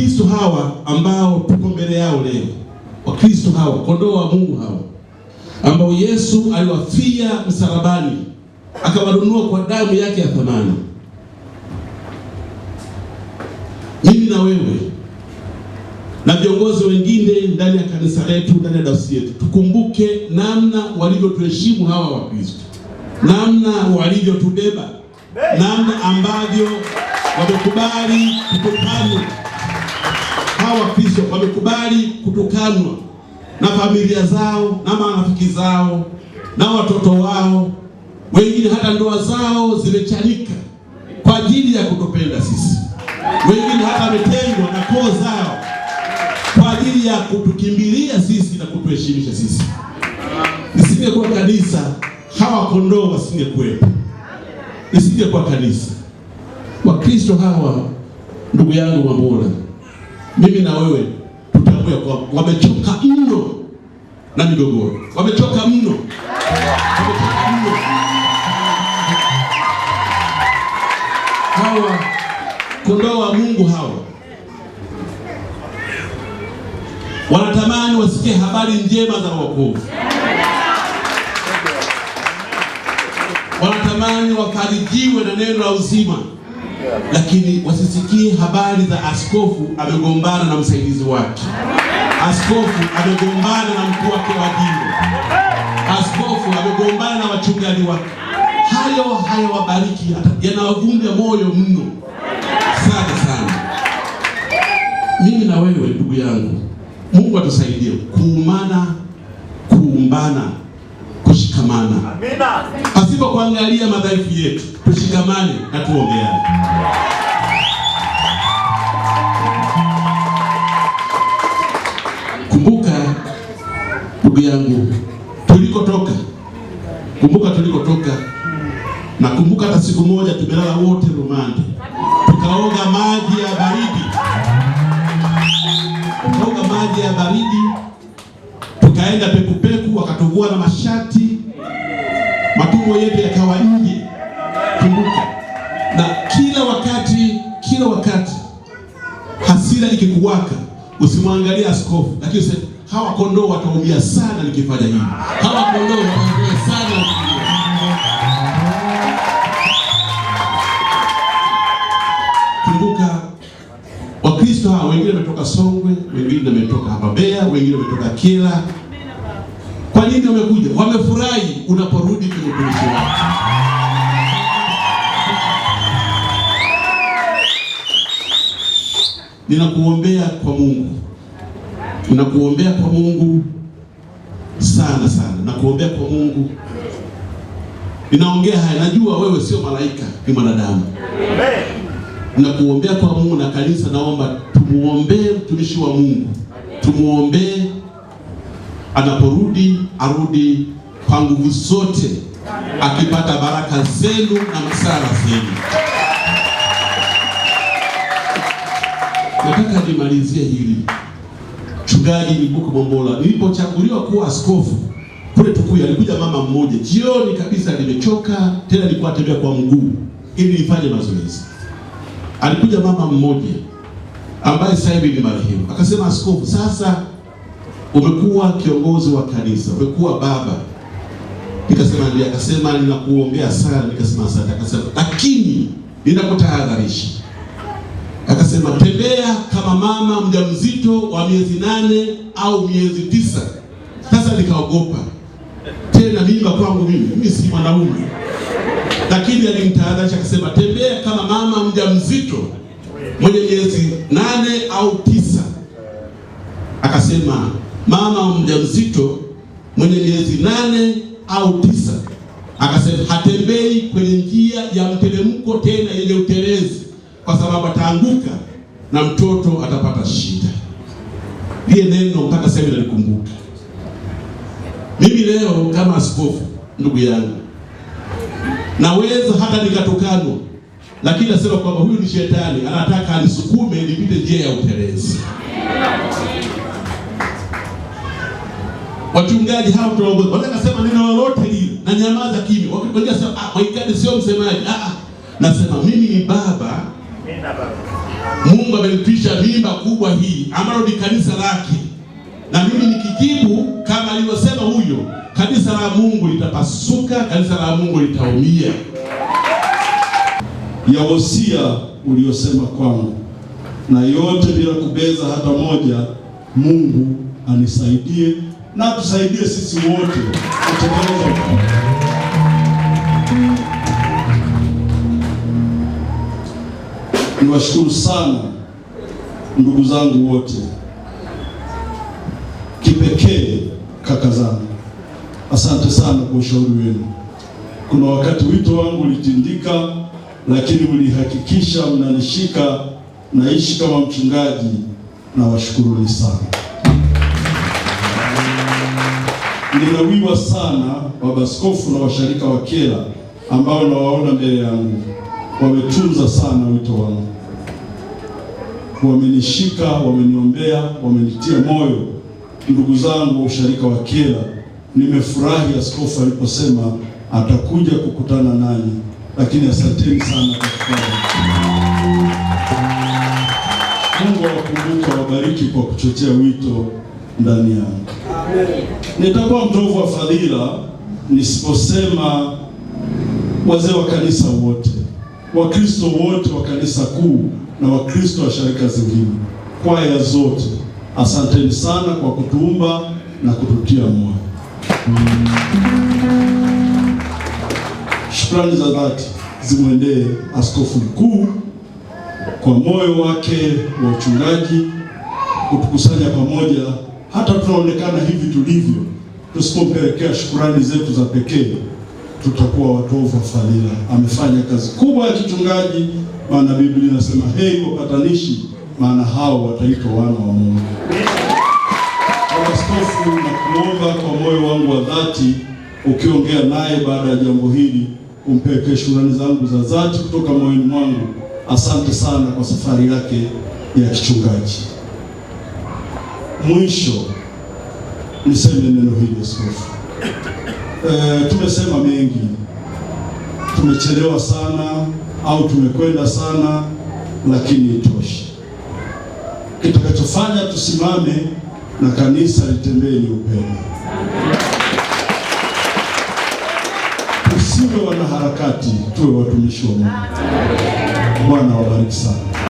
Wakristo hawa ambao tuko mbele yao leo, Wakristo hawa kondoo wa Mungu hawa ambao Yesu aliwafia msalabani akawanunua kwa damu yake ya thamani. Mimi na wewe na viongozi wengine ndani ya kanisa letu, ndani ya dasi yetu, tukumbuke namna walivyotuheshimu hawa Wakristo, namna walivyotubeba, namna ambavyo wamekubali kutupana hawa Wakristo wamekubali kutukanwa na familia zao na marafiki zao na watoto wao, wengine hata ndoa zao zimecharika kwa ajili ya kutupenda sisi, wengine hata wametengwa na koo zao kwa ajili ya kutukimbilia sisi na kutuheshimisha sisi. Nisingekuwa kanisa, hawa kondoo wasingekuwepo. Nisingekuwa kanisa, Wakristo hawa, ndugu yangu Mambona mimi na wewe tutambue kwa wamechoka mno na migogoro, wamechoka mno, wamechoka mno. Hawa kondoo wa Mungu hawa wanatamani wasikie habari njema za wokovu, wanatamani wafarijiwe na neno la uzima lakini wasisikie habari za askofu amegombana na msaidizi wake, askofu amegombana na mkuu wake wa jimbo, askofu amegombana na wachungaji wake. Hayo hayawabariki, yanawavunja moyo mno sana sana. Mimi na wewe ndugu yangu, Mungu atusaidie kuumana, kuumbana kushikamana, pasipo kuangalia madhaifu yetu. Tushikamane na tuombeane. Kumbuka ndugu yangu, tulikotoka. Kumbuka tulikotoka, na kumbuka hata siku moja tumelala wote rumande, tukaoga maji ya baridi, tukaoga maji ya baridi, tukaenda pekupeku hatukuwa na mashati, matumbo yetu yakawa nje. Kumbuka, na kila wakati, kila wakati hasira ikikuwaka, usimwangalie askofu, lakini useme hawa kondoo wataumia sana nikifanya hivi, hawa kondoo wataumia sana. Kumbuka Wakristo hawa wengine wametoka Songwe, wengine wametoka hapa Mbeya, wengine wametoka Kyela. Kwa nini wamekuja? Wamefurahi unaporudi kwenye utumishi wako. Ninakuombea kwa Mungu, ninakuombea kwa Mungu sana sana, nakuombea kwa Mungu. Ninaongea haya, najua wewe sio malaika, ni mwanadamu. Ninakuombea kwa Mungu na kanisa, naomba tumuombee mtumishi wa Mungu, tumuombee anaporudi arudi kwa nguvu zote, akipata baraka zenu na msara zenu. Nataka nimalizie hili Mchungaji Mibuku Bombola, nilipochaguliwa kuwa askofu kule Tukuyu, alikuja mama mmoja jioni kabisa, nimechoka tena, nilikuwa natembea kwa mguu ili nifanye mazoezi. Alikuja mama mmoja ambaye sasa hivi ni marehemu, akasema, askofu, sasa umekuwa kiongozi wa kanisa, umekuwa baba. Nikasema ndiye, akasema ninakuombea sana. Nikasema asante. Akasema lakini ninakutahadharisha, akasema tembea kama mama mjamzito wa miezi nane au miezi tisa. Sasa nikaogopa tena, mimba kwangu mimi, mimi si mwanaume, lakini alimtahadharisha, akasema tembea kama mama mjamzito mwenye miezi nane au tisa, akasema mama mjamzito mwenye miezi nane au tisa akasema hatembei kwenye njia ya mteremko tena yenye utelezi, kwa sababu ataanguka na mtoto atapata shida. Liye neno mpaka sasa nalikumbuka mimi leo kama askofu, ndugu yangu, naweza hata nikatukanwa, lakini nasema kwamba huyu ni shetani anataka anisukume nipite njia ya utelezi. Wachungaji hao tunaongoza, wanaweza kusema neno lolote lile na nyamaza kimya. Wakikwambia sema ah, Waigande sio msemaji. Ah, ah, nasema mimi ni baba. Mungu amenipisha mimba kubwa hii ambalo ni kanisa lake, na mimi nikijibu kama alivyosema huyo, kanisa la Mungu litapasuka, kanisa la Mungu litaumia. ya wosia uliosema kwangu na yote bila kubeza hata moja, Mungu anisaidie na tusaidie sisi wote kutekeleza. Niwashukuru sana ndugu zangu wote, kipekee kaka zangu, asante sana kwa ushauri wenu. Kuna wakati wito wangu ulitindika, lakini mlihakikisha mnanishika naishi kama mchungaji, na sana. nimewiwa sana wabaskofu na washarika wa Kyela ambao nawaona mbele yangu, wametunza sana wito wangu, wamenishika, wameniombea, wamenitia moyo. Ndugu zangu wa usharika wa Kyela, nimefurahi askofu aliposema atakuja kukutana nanyi, lakini asanteni sana kwa Mungu awakumbuke, awabariki kwa kuchochea wito ndani yangu. Nitakuwa mtovu wa fadhila nisiposema wazee wa kanisa wote, Wakristo wote wa kanisa kuu na Wakristo wa sharika zingine, kwaya zote, asanteni sana kwa kutuumba na kututia moyo. Shukrani za dhati zimwendee askofu mkuu kwa moyo wake wa uchungaji kutukusanya pamoja hata tunaonekana hivi tulivyo, tusipompelekea shukurani zetu za pekee tutakuwa watovu wa fadhila. Amefanya kazi kubwa ya kichungaji, maana Biblia inasema hei wapatanishi, maana hao wataitwa wana wa Mungu. Askofu, nakuomba kwa moyo wangu wa dhati, ukiongea naye baada ya jambo hili, umpelekee shukrani zangu za dhati kutoka moyoni mwangu. Asante sana kwa safari yake ya kichungaji. Mwisho niseme neno hili askofu. E, tumesema mengi, tumechelewa sana au tumekwenda sana, lakini itoshi. Kitakachofanya tusimame na kanisa litembee ni upendo. Tusiwe wanaharakati, tuwe watumishi wa Mungu. Bwana wabariki sana.